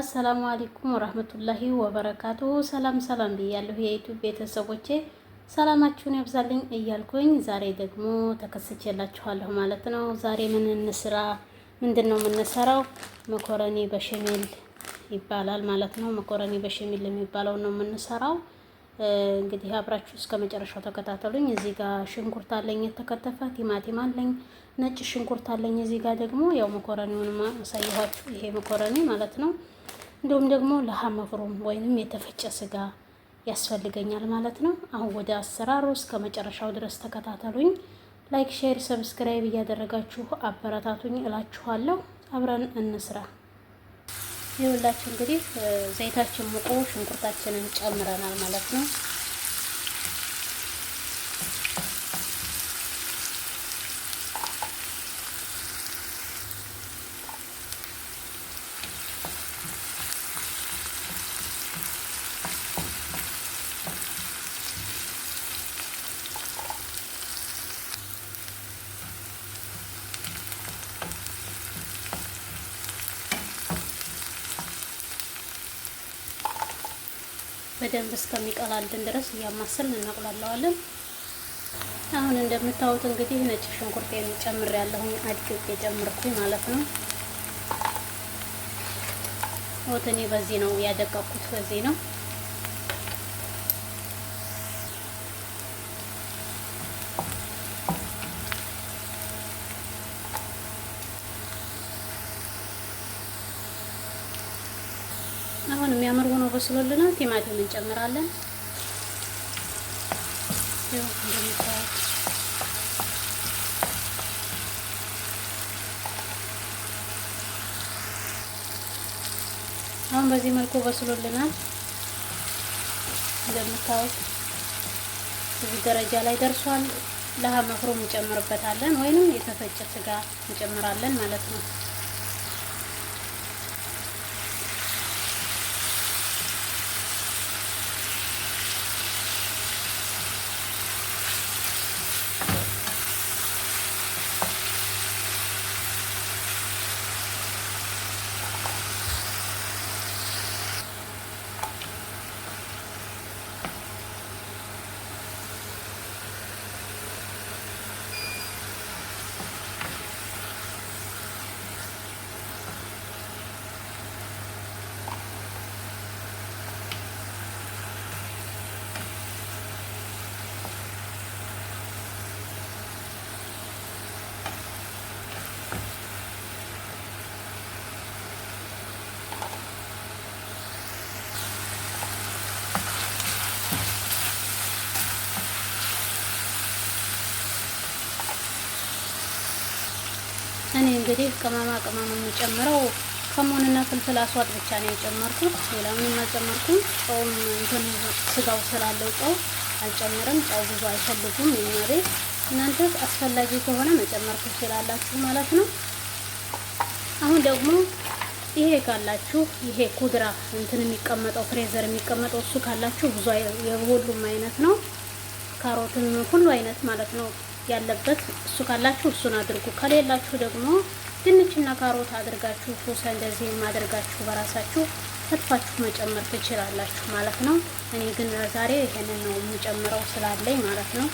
አሰላሙ አለይኩም ወራህመቱላሂ ወበረካቱ። ሰላም ሰላም ብያለሁ የዩቲዩብ ቤተሰቦቼ ሰላማችሁን ያብዛልኝ እያልኩኝ ዛሬ ደግሞ ተከስቼላችኋለሁ ማለት ነው። ዛሬ ምን እንስራ? ምንድን ነው የምንሰራው? መኮረኒ በሸሜል ይባላል ማለት ነው። መኮረኒ በሸሜል የሚባለው ነው የምንሰራው እንግዲህ አብራችሁ እስከ መጨረሻው ተከታተሉኝ። እዚህ ጋር ሽንኩርት አለኝ የተከተፈ ቲማቲም አለኝ፣ ነጭ ሽንኩርት አለኝ። እዚህ ጋር ደግሞ ያው መኮረኒውን አሳየኋችሁ፣ ይሄ መኮረኒ ማለት ነው። እንዲሁም ደግሞ ለሃ መፍሩም ወይንም የተፈጨ ስጋ ያስፈልገኛል ማለት ነው። አሁን ወደ አሰራሩ እስከ መጨረሻው ድረስ ተከታተሉኝ። ላይክ፣ ሼር፣ ሰብስክራይብ እያደረጋችሁ አበረታቱኝ እላችኋለሁ። አብረን እንስራ። ይኸውላችሁ እንግዲህ ዘይታችን ሙቆ ሽንኩርታችንን ጨምረናል ማለት ነው። በደንብ እስከሚቀላልን ድረስ እያማሰልን እናቁላለዋለን። አሁን እንደምታዩት እንግዲህ ነጭ ሽንኩርት ጨምር ያለሁኝ አድቅቄ ጨምርኩኝ ማለት ነው። ወተኔ በዚህ ነው ያደቀኩት፣ በዚህ ነው በስሎልናል። ቲማቲም እንጨምራለን። አሁን በዚህ መልኩ በስሎልናል። እንደምታዩት እዚህ ደረጃ ላይ ደርሷል። ለሀ መፍሮም እንጨምርበታለን ወይንም የተፈጨ ስጋ እንጨምራለን ማለት ነው። እኔ እንግዲህ ቅመማ ቅመም የሚጨምረው ከሞንና ፍልፍል አስዋጥ ብቻ ነው የጨመርኩት። ሌላ ምንም አልጨመርኩም። ጨውም እንትን ስጋው ስላለው ጨው አልጨምርም። ጨው ብዙ አይፈልጉም የኛሬ። እናንተ አስፈላጊ ከሆነ መጨመር ትችላላችሁ ማለት ነው። አሁን ደግሞ ይሄ ካላችሁ ይሄ ኩድራ እንትን የሚቀመጠው ፍሬዘር የሚቀመጠው እሱ ካላችሁ ብዙ የሁሉም አይነት ነው። ካሮትም ሁሉ አይነት ማለት ነው ያለበት እሱ ካላችሁ እሱን አድርጉ። ከሌላችሁ ደግሞ ድንችና ካሮት አድርጋችሁ ፉሰ እንደዚህ አድርጋችሁ በራሳችሁ ከትፋችሁ መጨመር ትችላላችሁ ማለት ነው። እኔ ግን ዛሬ ይሄንን ነው የምጨምረው ስላለኝ ማለት ነው።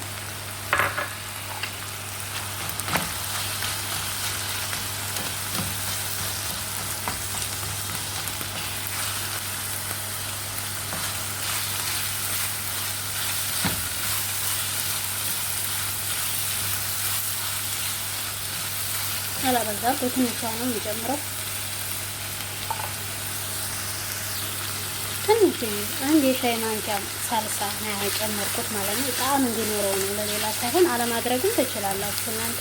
አላበዛም፣ በትንሿ ነው የሚጨምረው። ትንሽ አንድ የሻይ ማንኪያ ሳልሳ ነው ያጨመርኩት ማለት ነው። ጣዕም እንዲኖረው ነው፣ ለሌላ ሳይሆን። አለማድረግም ትችላላችሁ እናንተ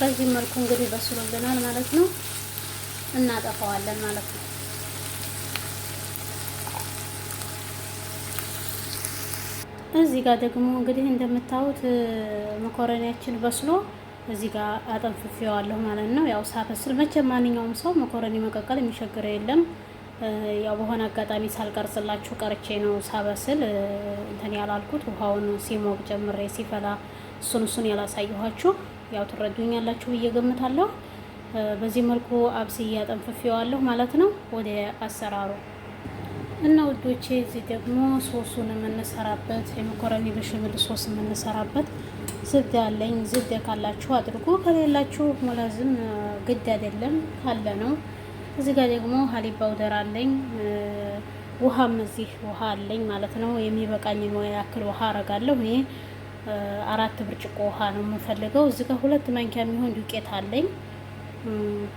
በዚህ መልኩ እንግዲህ በስሎልናል ማለት ነው። እናጠፋዋለን ማለት ነው። እዚህ ጋር ደግሞ እንግዲህ እንደምታዩት መኮረኒያችን በስሎ እዚህ ጋር አጠንፍፌዋለሁ ማለት ነው። ያው ሳበስል መቼም ማንኛውም ሰው መኮረኒ መቀቀል የሚቸግረው የለም። ያው በሆነ አጋጣሚ ሳልቀርጽላችሁ ቀርቼ ነው ሳበስል እንትን ያላልኩት ውሃውን ሲሞቅ ጨምሬ ሲፈላ እሱን እሱን ያላሳየኋችሁ ያው ትረዱኛላችሁ ብዬ ገምታለሁ። በዚህ መልኩ አብስዬ አጠንፍፌዋለሁ ማለት ነው። ወደ አሰራሩ እና ውዶቼ እዚህ ደግሞ ሶሱን የምንሰራበት የመኮረኒ በሽብል ሶስ የምንሰራበት ዝብዳ አለኝ። ዝድ ካላችሁ አድርጉ፣ ከሌላችሁ ሞላዝም ግድ አይደለም ካለ ነው። እዚህ ጋር ደግሞ ሀሊብ ፓውደር አለኝ። ውሃም እዚህ ውሃ አለኝ ማለት ነው። የሚበቃኝን ያክል ውሃ አረጋለሁ እኔ አራት ብርጭቆ ውሃ ነው የምንፈልገው። እዚህ ጋር ሁለት ማንኪያ የሚሆን ዱቄት አለኝ።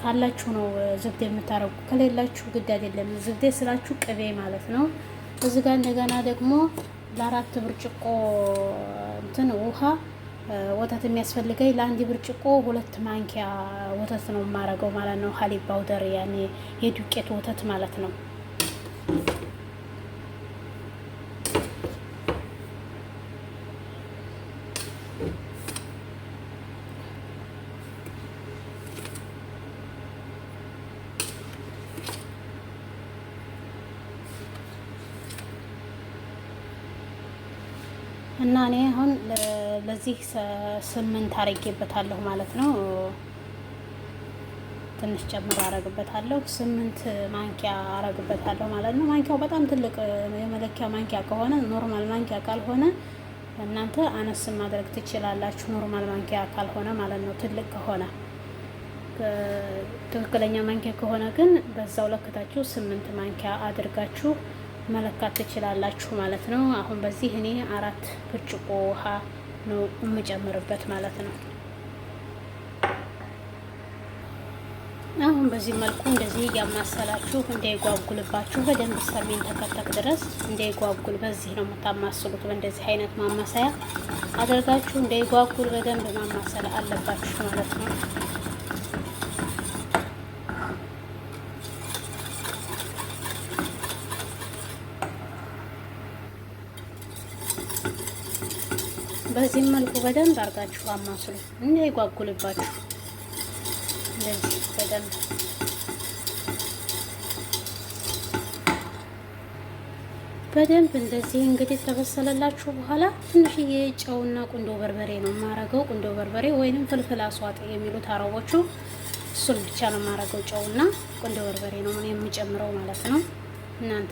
ካላችሁ ነው ዝብዴ የምታረጉ፣ ከሌላችሁ ግድ አይደለም። ዝብዴ ስላችሁ ቅቤ ማለት ነው። እዚህ ጋር እንደገና ደግሞ ለአራት ብርጭቆ እንትን ውሃ ወተት የሚያስፈልገኝ ለአንድ ብርጭቆ ሁለት ማንኪያ ወተት ነው የማረገው ማለት ነው። ሀሊ ፓውደር ያኔ የዱቄት ወተት ማለት ነው። እና እኔ አሁን ለዚህ ስምንት አረጌበታለሁ ማለት ነው። ትንሽ ጨምሮ አረግበታለሁ። ስምንት ማንኪያ አረግበታለሁ ማለት ነው። ማንኪያው በጣም ትልቅ የመለኪያ ማንኪያ ከሆነ ኖርማል ማንኪያ ካልሆነ እናንተ አነስ ማድረግ ትችላላችሁ። ኖርማል ማንኪያ ካልሆነ ማለት ነው። ትልቅ ከሆነ ትክክለኛ ማንኪያ ከሆነ ግን በዛው ለክታችሁ ስምንት ማንኪያ አድርጋችሁ መለካት ትችላላችሁ ማለት ነው። አሁን በዚህ እኔ አራት ብርጭቆ ውሃ ነው የምጨምርበት ማለት ነው። አሁን በዚህ መልኩ እንደዚህ እያማሰላችሁ እንዳይጓጉልባችሁ በደንብ ሰሜን ተከተክ ድረስ እንዳይጓጉል በዚህ ነው የምታማስሉት። በእንደዚህ አይነት ማማሰያ አድርጋችሁ እንዳይጓጉል በደንብ ማማሰል አለባችሁ ማለት ነው። በዚህ መልኩ በደንብ አድርጋችሁ አማስሉ፣ እንዳይጓጉልባችሁ እንደዚህ በደንብ በደንብ እንደዚህ እንግዲህ ተበሰለላችሁ በኋላ ትንሽዬ ጨውና ቁንዶ በርበሬ ነው የማረገው። ቁንዶ በርበሬ ወይንም ፍልፍል አስዋጥ የሚሉት አረቦቹ፣ እሱን ብቻ ነው የማረገው። ጨውና ቁንዶ በርበሬ ነው ምን የምጨምረው ማለት ነው። እናንተ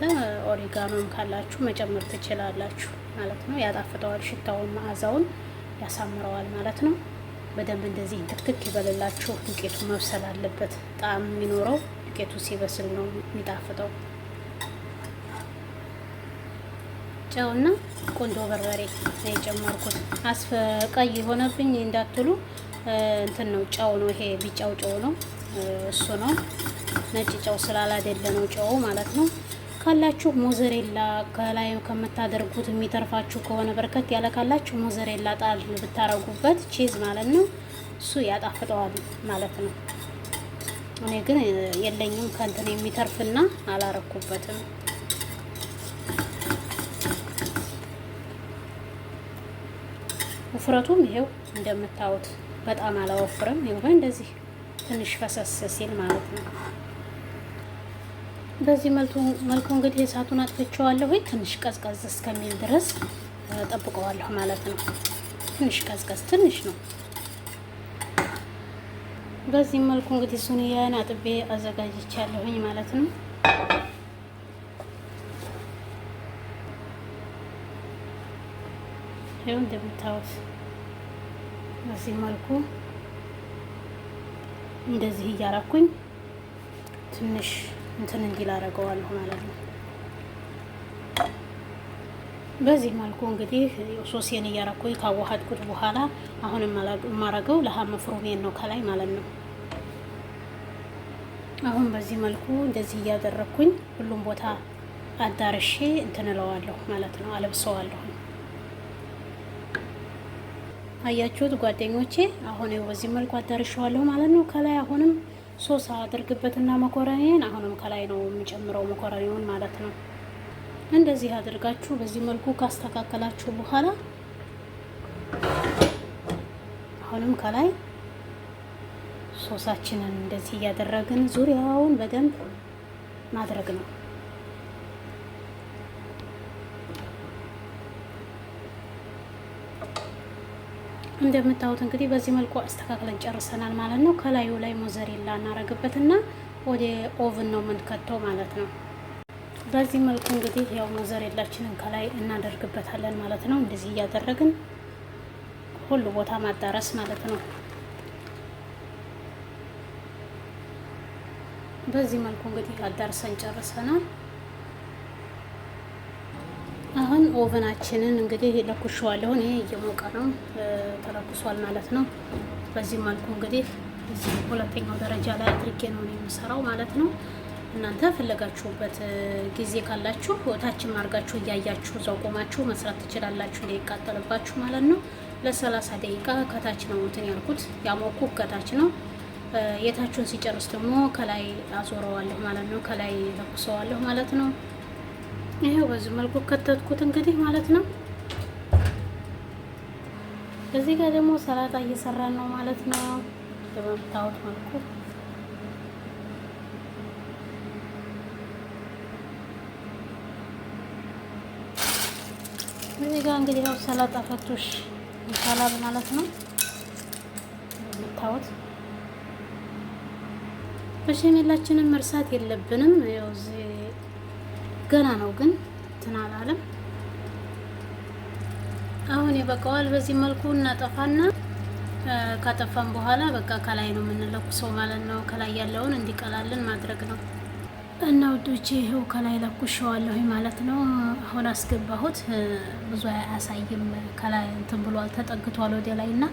ኦሪጋኖም ካላችሁ መጨመር ትችላላችሁ ማለት ነው። ያጣፍጠዋል፣ ሽታውን መዓዛውን ያሳምረዋል ማለት ነው። በደንብ እንደዚህ ትክትክ ይበልላችሁ። ዱቄቱ መብሰል አለበት። ጣዕም የሚኖረው ዱቄቱ ሲበስል ነው የሚጣፍጠው። ጨውና ቆንጆ በርበሬ የጨመርኩት አስፈ ቀይ የሆነብኝ እንዳትሉ እንትን ነው፣ ጨው ነው ይሄ ቢጫው ጨው ነው። እሱ ነው። ነጭ ጨው ስላላደለ ነው ጨው ማለት ነው። ካላችሁ ሞዘሬላ ከላይ ከምታደርጉት የሚተርፋችሁ ከሆነ በርከት ያለ ካላችሁ ሞዘሬላ ጣል ብታረጉበት ቺዝ ማለት ነው። እሱ ያጣፍጠዋል ማለት ነው። እኔ ግን የለኝም ከንትን የሚተርፍና አላረኩበትም። ውፍረቱም ይሄው እንደምታዩት በጣም አላወፍርም። ይሁን እንደዚህ ትንሽ ፈሰስ ሲል ማለት ነው። በዚህ መልኩ እንግዲህ እሳቱን አጥፍቼዋለሁ። ትንሽ ቀዝቀዝ እስከሚል ድረስ ጠብቀዋለሁ ማለት ነው። ትንሽ ቀዝቀዝ ትንሽ ነው። በዚህ መልኩ እንግዲህ ሱንያን አጥቤ አዘጋጅቻለሁኝ ማለት ነው። ይኸው እንደምታዩት በዚህ መልኩ እንደዚህ እያረኩኝ ትንሽ እንትን እንዲል አደርገዋለሁ ማለት ነው። በዚህ መልኩ እንግዲህ ሶሴን እያረኩኝ ካዋሃድኩት በኋላ አሁን የማረገው ለሀመ ፍሩሜን ነው ከላይ ማለት ነው። አሁን በዚህ መልኩ እንደዚህ እያደረግኩኝ ሁሉም ቦታ አዳርሼ እንትን ማለት ነው፣ አለብሰዋለሁ አያችሁት ጓደኞቼ፣ አሁን በዚህ መልኩ አዳርሸዋለሁ ማለት ነው። ከላይ አሁንም ሶስ አድርግበትና መኮረኔን አሁንም ከላይ ነው የሚጨምረው መኮረኔውን ማለት ነው። እንደዚህ አድርጋችሁ በዚህ መልኩ ካስተካከላችሁ በኋላ አሁንም ከላይ ሶሳችንን እንደዚህ እያደረግን ዙሪያውን በደንብ ማድረግ ነው። እንደምታዩት እንግዲህ በዚህ መልኩ አስተካክለን ጨርሰናል ማለት ነው። ከላዩ ላይ ሞዘሬላ እናረግበትና ወደ ኦቭን ነው የምንከተው ማለት ነው። በዚህ መልኩ እንግዲህ ያው ሞዘሬላችንን ከላይ እናደርግበታለን ማለት ነው። እንደዚህ እያደረግን ሁሉ ቦታ ማዳረስ ማለት ነው። በዚህ መልኩ እንግዲህ አዳርሰን ጨርሰናል። አሁን ኦቨናችንን እንግዲህ ለኩሸዋለሁ። ይሄ እየሞቀ ነው ተለኩሷል ማለት ነው። በዚህ መልኩ እንግዲህ ሁለተኛው ደረጃ ላይ አድርጌ ነው የምሰራው ማለት ነው። እናንተ ፈለጋችሁበት ጊዜ ካላችሁ ታችም አድርጋችሁ እያያችሁ እዛው ቆማችሁ መስራት ትችላላችሁ፣ እንዳይቃጠልባችሁ ማለት ነው። ለሰላሳ ደቂቃ ከታች ነው እንትን ያልኩት ያሞኩ ከታች ነው። የታችሁን ሲጨርስ ደግሞ ከላይ አዞረዋለሁ ማለት ነው። ከላይ ለኩሰዋለሁ ማለት ነው። ይሄው በዚህ መልኩ ከተትኩት እንግዲህ ማለት ነው። እዚህ ጋር ደግሞ ሰላጣ እየሰራን ነው ማለት ነው። በምታዩት መልኩ እዚህ ጋር እንግዲህ ያው ሰላጣ ፈቶሽ ይሻላል ማለት ነው። የምታዩት በሸሜላችንም መርሳት የለብንም ያው እዚህ ገና ነው ግን እንትን አላለም። አሁን ይበቃዋል። በዚህ መልኩ እናጠፋና ካጠፋን በኋላ በቃ ከላይ ነው የምንለኩሰው ማለት ነው። ከላይ ያለውን እንዲቀላልን ማድረግ ነው እና ውዶቼ ይኸው ከላይ ለኩሸዋለሁ ማለት ነው። አሁን አስገባሁት። ብዙ አያሳይም ከላይ እንትን ብሏል፣ ተጠግቷል ወደ ላይ እና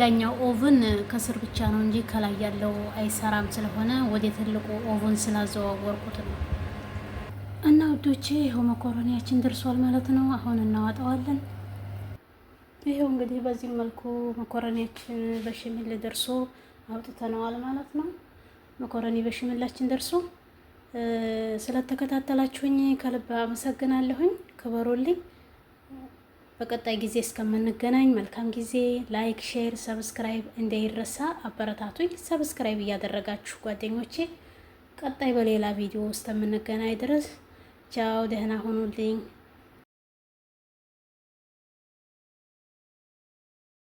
ያኛው ኦቭን ከስር ብቻ ነው እንጂ ከላይ ያለው አይሰራም። ስለሆነ ወደ ትልቁ ኦቭን ስላዘዋወርኩት ነው። እና ውዶቼ ይኸው መኮረኒያችን ደርሷል ማለት ነው። አሁን እናወጣዋለን። ይኸው እንግዲህ በዚህ መልኩ መኮረኒያችን በሽምል ደርሶ አውጥተነዋል ማለት ነው። መኮረኒ በሽምላችን ደርሶ ስለተከታተላችሁኝ ከልብ አመሰግናለሁኝ። ክበሩልኝ። በቀጣይ ጊዜ እስከምንገናኝ መልካም ጊዜ። ላይክ፣ ሼር፣ ሰብስክራይብ እንዳይረሳ አበረታቱኝ። ሰብስክራይብ እያደረጋችሁ ጓደኞቼ፣ ቀጣይ በሌላ ቪዲዮ እስከምንገናኝ ድረስ ቻው፣ ደህና ሁኑልኝ።